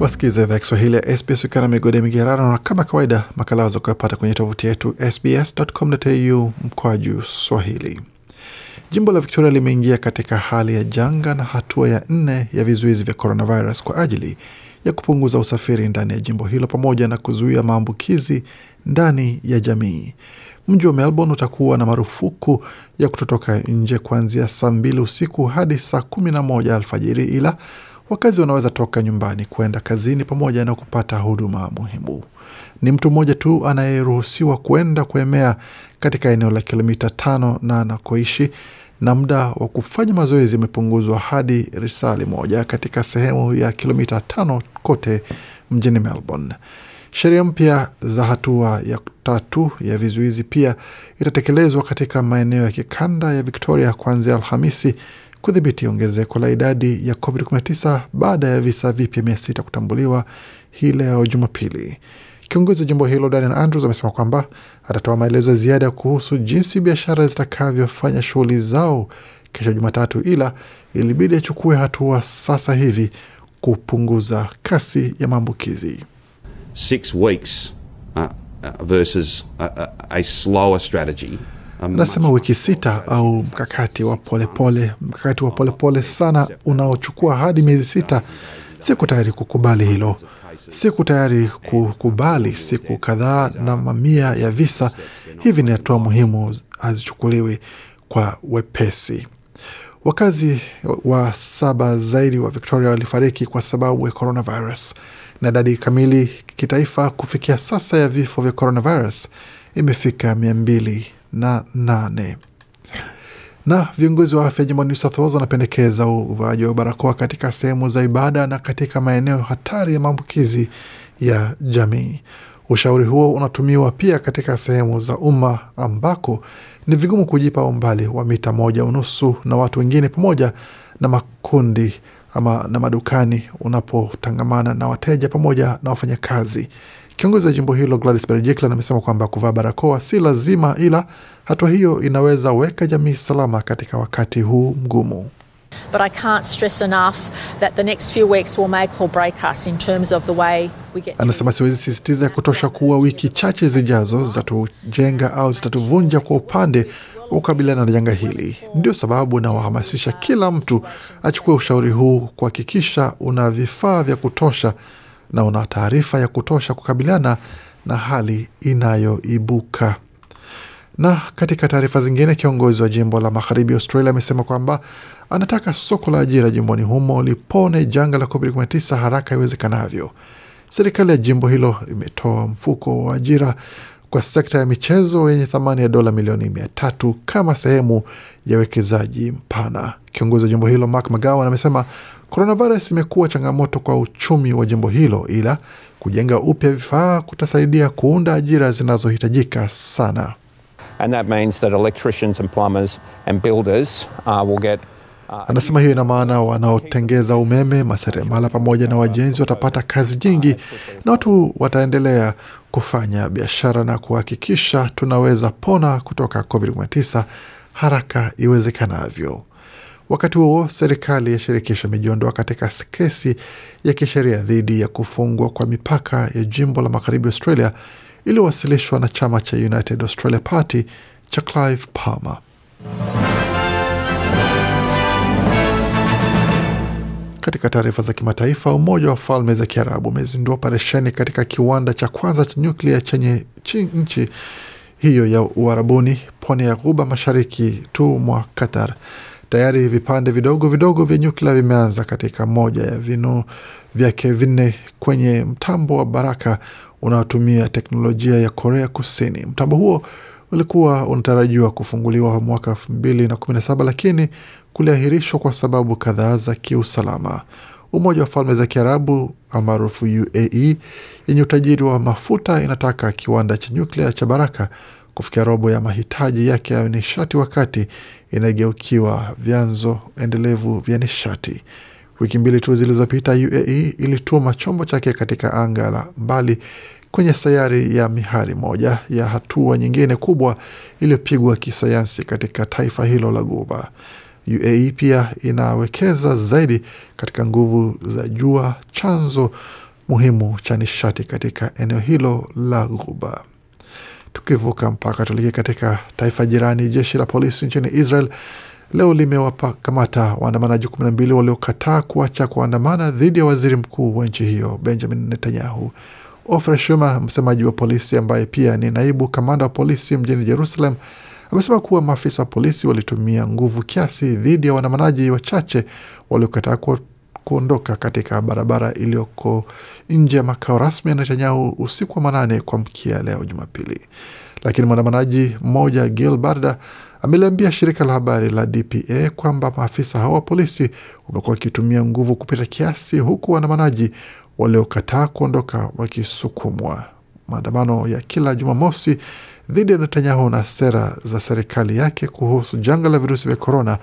Wasikiza idhaa Kiswahili ya SBS ukiwa na ya migerano, na kama kawaida makala wazo kuyapata kwenye tovuti yetu sbs.com.au mkwaju swahili. Jimbo la Victoria limeingia katika hali ya janga na hatua ya nne ya vizuizi vya coronavirus kwa ajili ya kupunguza usafiri ndani ya jimbo hilo pamoja na kuzuia maambukizi ndani ya jamii. Mji wa Melbourne utakuwa na marufuku ya kutotoka nje kuanzia saa mbili usiku hadi saa kumi na moja alfajiri ila Wakazi wanaweza toka nyumbani kwenda kazini pamoja na kupata huduma muhimu. Ni mtu mmoja tu anayeruhusiwa kwenda kuemea katika eneo la kilomita tano na anakoishi, na muda wa kufanya mazoezi umepunguzwa hadi risali moja katika sehemu ya kilomita tano kote mjini Melbourne. Sheria mpya za hatua ya tatu ya vizuizi pia itatekelezwa katika maeneo ya kikanda ya Victoria kuanzia Alhamisi kudhibiti ongezeko la idadi ya COVID-19 baada ya visa vipya 600 kutambuliwa hii leo Jumapili. Kiongozi wa jimbo hilo Daniel Andrews amesema kwamba atatoa maelezo ya ziada kuhusu jinsi biashara zitakavyofanya shughuli zao kesho Jumatatu, ila ilibidi achukue hatua sasa hivi kupunguza kasi ya maambukizi. Six weeks uh, uh, versus a, a, a slower strategy anasema wiki sita au mkakati wa polepole pole, mkakati wa polepole pole sana unaochukua hadi miezi sita. Siku tayari kukubali hilo, siku tayari kukubali siku kadhaa na mamia ya visa hivi. Ni hatua muhimu, hazichukuliwi kwa wepesi. Wakazi wa saba zaidi wa Victoria walifariki kwa sababu ya coronavirus, na idadi kamili kitaifa kufikia sasa ya vifo vya coronavirus imefika mia mbili na nane na viongozi wa afya jimboni wanapendekeza uvaaji wa barakoa katika sehemu za ibada na katika maeneo hatari ya maambukizi ya jamii. Ushauri huo unatumiwa pia katika sehemu za umma ambako ni vigumu kujipa umbali wa mita moja unusu na watu wengine, pamoja na makundi ama na madukani unapotangamana na wateja pamoja na wafanyakazi. Kiongozi wa jimbo hilo Gladys Berejiklian amesema kwamba kuvaa barakoa si lazima, ila hatua hiyo inaweza weka jamii salama katika wakati huu mgumu. Anasema siwezi sisitiza ya kutosha kuwa wiki chache zijazo zitatujenga au zitatuvunja kwa upande wa kukabiliana na janga hili. Ndio sababu nawahamasisha kila mtu achukue ushauri huu, kuhakikisha una vifaa vya kutosha na una taarifa ya kutosha kukabiliana na hali inayoibuka. Na katika taarifa zingine, kiongozi wa jimbo la magharibi Australia amesema kwamba anataka soko la ajira jimboni humo lipone janga la COVID-19 haraka iwezekanavyo. Serikali ya jimbo hilo imetoa mfuko wa ajira kwa sekta ya michezo yenye thamani ya dola milioni mia tatu kama sehemu ya wekezaji mpana. Kiongozi wa jimbo hilo Mark McGowan amesema Coronavirus imekuwa changamoto kwa uchumi wa jimbo hilo, ila kujenga upya vifaa kutasaidia kuunda ajira zinazohitajika sana. And that means that electricians and plumbers and builders uh, will get uh, Anasema hiyo ina maana wanaotengeza umeme, maseremala pamoja na wajenzi watapata kazi nyingi, na watu wataendelea kufanya biashara na kuhakikisha tunaweza pona kutoka COVID-19 haraka iwezekanavyo. Wakati huo serikali ya shirikisho imejiondoa katika kesi ya kisheria dhidi ya kufungwa kwa mipaka ya jimbo la magharibi Australia iliyowasilishwa na chama cha United Australia Party cha Clive Palmer. Katika taarifa za kimataifa, Umoja wa Falme za Kiarabu umezindua operesheni katika kiwanda cha kwanza cha nyuklia chenye nchi hiyo ya Uarabuni, pwani ya Ghuba mashariki tu mwa Qatar. Tayari vipande vidogo vidogo vya nyuklia vimeanza katika moja ya vinu vyake vinne kwenye mtambo wa Baraka unaotumia teknolojia ya Korea Kusini. Mtambo huo ulikuwa unatarajiwa kufunguliwa mwaka saba lakini kuliahirishwa kwa sababu kadhaa za kiusalama. Umoja wa Falme za Kiarabu maarufu UAE yenye utajiri wa mafuta inataka kiwanda cha nyuklia cha Baraka kufikia robo ya mahitaji yake ya nishati, wakati inageukiwa vyanzo endelevu vya nishati. Wiki mbili tu zilizopita, UAE ilituma chombo chake katika anga la mbali kwenye sayari ya mihari, moja ya hatua nyingine kubwa iliyopigwa kisayansi katika taifa hilo la guba UAE pia inawekeza zaidi katika nguvu za jua, chanzo muhimu cha nishati katika eneo hilo la guba Tukivuka mpaka tuelekee katika taifa jirani, jeshi la polisi nchini Israel leo limewakamata waandamanaji na mbili waliokataa kuacha kuandamana dhidi ya waziri mkuu wa nchi hiyo Benjamin Netanyahu. Ofra Shuma, msemaji wa polisi ambaye pia ni naibu kamanda wa polisi mjini Jerusalem, amesema kuwa maafisa wa polisi walitumia nguvu kiasi dhidi ya waandamanaji wachache waliokataa kuondoka katika barabara iliyoko nje ya makao rasmi ya Netanyahu usiku wa manane kwa mkia leo Jumapili, lakini mwandamanaji mmoja Gil Barda ameliambia shirika la habari la DPA kwamba maafisa hao wa polisi wamekuwa wakitumia nguvu kupita kiasi, huku waandamanaji waliokataa kuondoka wakisukumwa. Maandamano ya kila Jumamosi dhidi ya Netanyahu na sera za serikali yake kuhusu janga la virusi vya korona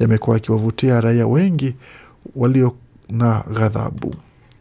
yamekuwa yakiwavutia raia wengi walio na ghadhabu.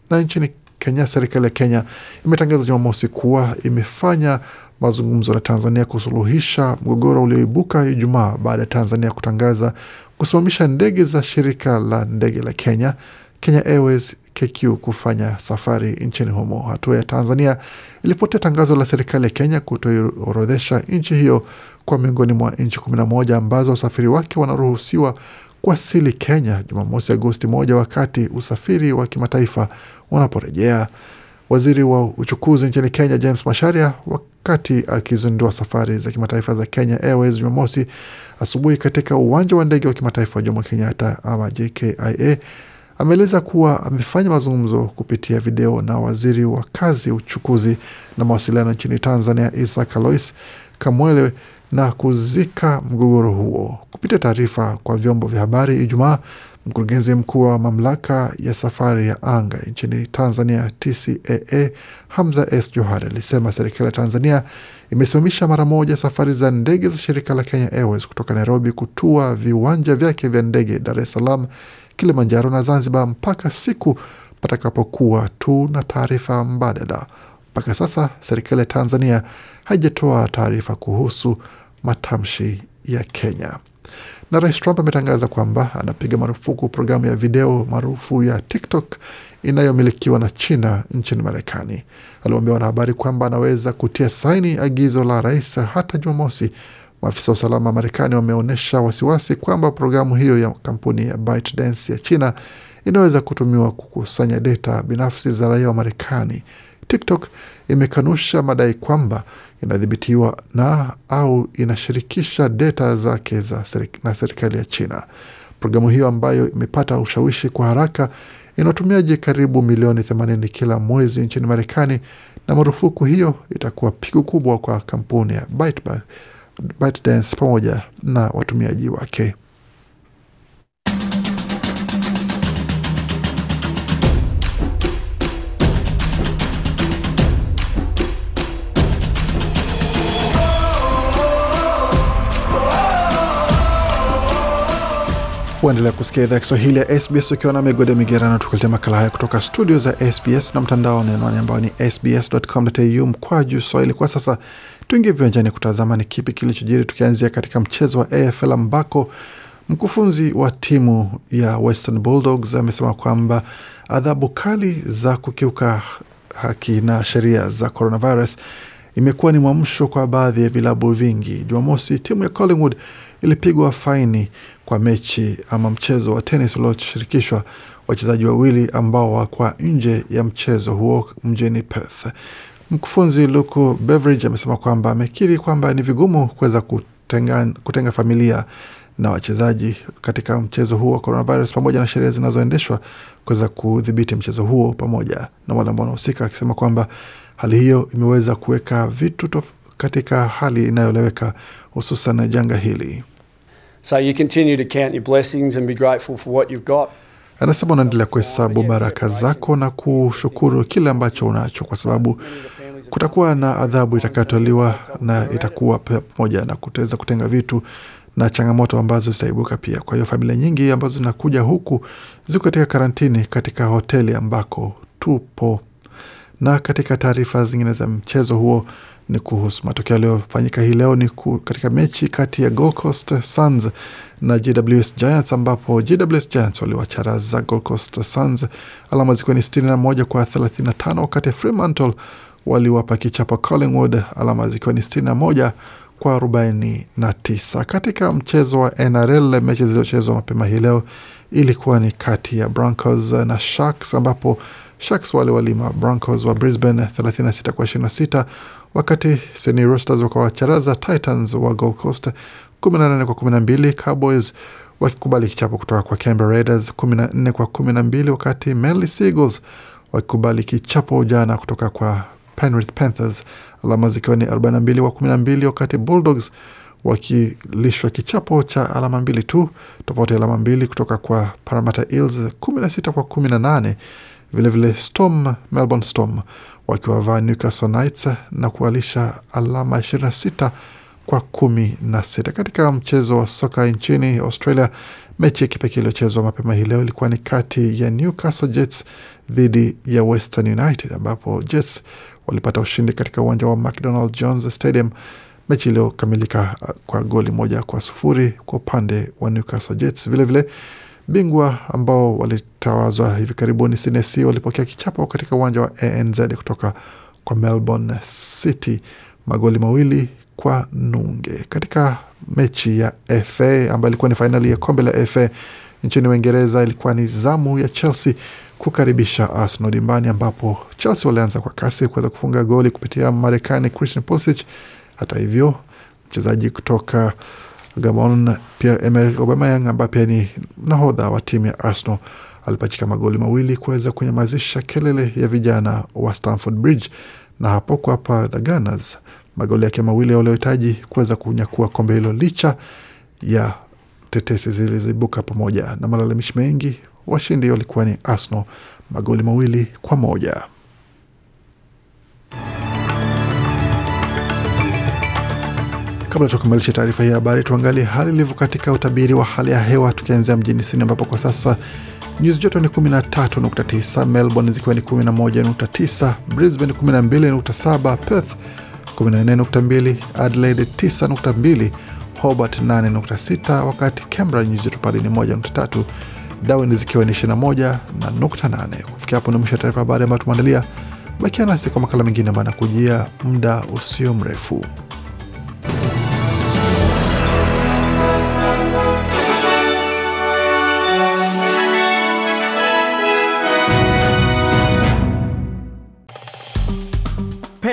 Na nchini Kenya, serikali ya Kenya imetangaza Jumamosi kuwa imefanya mazungumzo na Tanzania kusuluhisha mgogoro ulioibuka Ijumaa baada ya Tanzania kutangaza kusimamisha ndege za shirika la ndege la Kenya, Kenya Airways KQ, kufanya safari nchini humo. Hatua ya Tanzania ilifuatia tangazo la serikali ya Kenya kutoorodhesha nchi hiyo kwa miongoni mwa nchi 11 ambazo wasafiri wake wanaruhusiwa kuwasili Kenya Jumamosi, Agosti moja, wakati usafiri wa kimataifa unaporejea. Waziri wa uchukuzi nchini Kenya James Masharia, wakati akizindua safari za kimataifa za Kenya Airways Jumamosi asubuhi katika uwanja wa ndege wa kimataifa wa Jomo Kenyatta ama JKIA, ameeleza kuwa amefanya mazungumzo kupitia video na waziri wa kazi, uchukuzi na mawasiliano nchini Tanzania Isaac Alois Kamwele na kuzika mgogoro huo. Kupitia taarifa kwa vyombo vya habari Ijumaa, mkurugenzi mkuu wa mamlaka ya safari ya anga nchini Tanzania, TCAA, Hamza S Johari alisema serikali ya Tanzania imesimamisha mara moja safari za ndege za shirika la Kenya Airways kutoka Nairobi kutua viwanja vyake vya ndege Dar es Salaam, Kilimanjaro na Zanzibar mpaka siku patakapokuwa tu na taarifa mbadala. Mpaka sasa serikali ya Tanzania haijatoa taarifa kuhusu matamshi ya Kenya. Na Rais Trump ametangaza kwamba anapiga marufuku programu ya video maarufu ya TikTok inayomilikiwa na China nchini Marekani. Aliwaambia wanahabari kwamba anaweza kutia saini agizo la rais hata Jumamosi. Maafisa wa usalama wa Marekani wameonyesha wasiwasi kwamba programu hiyo ya kampuni ya ByteDance ya China inaweza kutumiwa kukusanya data binafsi za raia wa Marekani TikTok imekanusha madai kwamba inadhibitiwa na au inashirikisha data zake za serik na serikali ya China. Programu hiyo ambayo imepata ushawishi kwa haraka ina watumiaji karibu milioni 80 kila mwezi nchini Marekani, na marufuku hiyo itakuwa pigo kubwa kwa kampuni ya ByteDance pamoja na watumiaji wake. Waendelea kusikia idhaa Kiswahili ya SBS ukiwa na migode migerano, tukuletea makala haya kutoka studio za SBS na mtandao nenwani ambao ni sbs.com.au juu swahili. Kwa sasa tuingie viwanjani kutazama ni kipi kilichojiri, tukianzia katika mchezo wa AFL ambako mkufunzi wa timu ya Western Bulldogs amesema kwamba adhabu kali za kukiuka haki na sheria za coronavirus imekuwa ni mwamsho kwa baadhi ya vilabu vingi. Jumamosi, timu ya Collingwood ilipigwa faini kwa mechi ama mchezo wa tenis ulioshirikishwa wachezaji wawili ambao wakwa nje ya mchezo huo mjini Perth. Mkufunzi Luke Beveridge amesema kwamba amekiri kwamba ni vigumu kuweza kutenga, kutenga familia na wachezaji katika mchezo huo wa coronavirus pamoja na sheria zinazoendeshwa kuweza kudhibiti mchezo huo pamoja na wale ambao wanahusika, akisema kwamba Hali hiyo imeweza kuweka vitu tof katika hali inayoeleweka hususan na janga hili. So you continue to count your blessings and be grateful for what you've got. Anasema unaendelea kuhesabu baraka zako na kushukuru kile ambacho unacho, kwa sababu kutakuwa na adhabu itakayotoliwa na itakuwa pamoja na kutaweza kutenga vitu na changamoto ambazo zitaibuka pia. Kwa hiyo familia nyingi ambazo zinakuja huku ziko katika karantini katika hoteli ambako tupo na katika taarifa zingine za mchezo huo ni kuhusu matokeo yaliyofanyika hii leo ni katika mechi kati ya Gold Coast Suns na GWS Giants ambapo GWS Giants waliwacharaza Gold Coast Suns alama zikiwa ni 61 kwa 35, wakati Fremantle waliwapa kichapo Collingwood alama zikiwa ni 61 kwa 49. Katika mchezo wa NRL, mechi zilizochezwa mapema hii leo ilikuwa ni kati ya Broncos na Sharks ambapo Sharks wale walima Broncos wa Brisbane 36 kwa 26, wakati Sydney Roosters wakawacharaza Titans wa Gold Coast 18 kwa 12, Cowboys wakikubali kichapo kutoka kwa Canberra Raiders 14 kwa 12, wakati Manly Seagulls wakikubali kichapo jana kutoka kwa Penrith Panthers, alama zikiwa ni 42 kwa 12, wakati Bulldogs wakilishwa kichapo cha alama mbili tu, tofauti alama mbili kutoka kwa Parramatta Eels 16 kwa 18 vilevile Storm, Melbourne Storm wakiwavaa Newcastle Knights na kualisha alama 26 kwa kumi na sita. Katika mchezo wa soka nchini Australia, mechi ya kipekee iliyochezwa mapema hii leo ilikuwa ni kati ya Newcastle Jets dhidi ya Western United ambapo Jets walipata ushindi katika uwanja wa McDonald Jones Stadium, mechi iliyokamilika uh, kwa goli moja kwa sufuri kwa upande wa Newcastle Jets. Vilevile vile, Bingwa ambao walitawazwa hivi karibuni CNC walipokea kichapo katika uwanja wa ANZ kutoka kwa Melbourne City magoli mawili kwa nunge katika mechi ya FA ambayo ilikuwa ni fainali ya kombe la FA nchini Uingereza. Ilikuwa ni zamu ya Chelsea kukaribisha Arsenal dimbani, ambapo Chelsea walianza kwa kasi kuweza kufunga goli kupitia Marekani Christian Pulisic. Hata hivyo mchezaji kutoka Gabon. Pia Emerik Aubameyang ambaye pia ni nahodha wa timu ya Arsenal alipachika magoli mawili kuweza kunyamazisha kelele ya vijana wa Stamford Bridge, na hapo kwa hapa the Gunners magoli yake mawili waliohitaji kuweza kunyakua kombe hilo licha ya tetesi zilizoibuka pamoja na malalamishi mengi. Washindi walikuwa ni Arsenal magoli mawili kwa moja. Kabla tukamilishe taarifa hii habari, tuangalie hali ilivyo katika utabiri wa hali ya hewa, tukianzia mjini Sydney ambapo kwa sasa nyuzi joto ni 13.9, Melbourne zikiwa ni 11.9, Brisbane 12.7, Perth 14.2, Adelaide 9.2, Hobart 8.6, wakati Canberra nyuzi joto pale ni 1.3, Darwin zikiwa ni 21 na nukta 8. Kufikia hapo ni mwisho wa taarifa habari ambayo tumeandalia. Bakia nasi kwa makala mengine ambayo anakujia muda usio mrefu.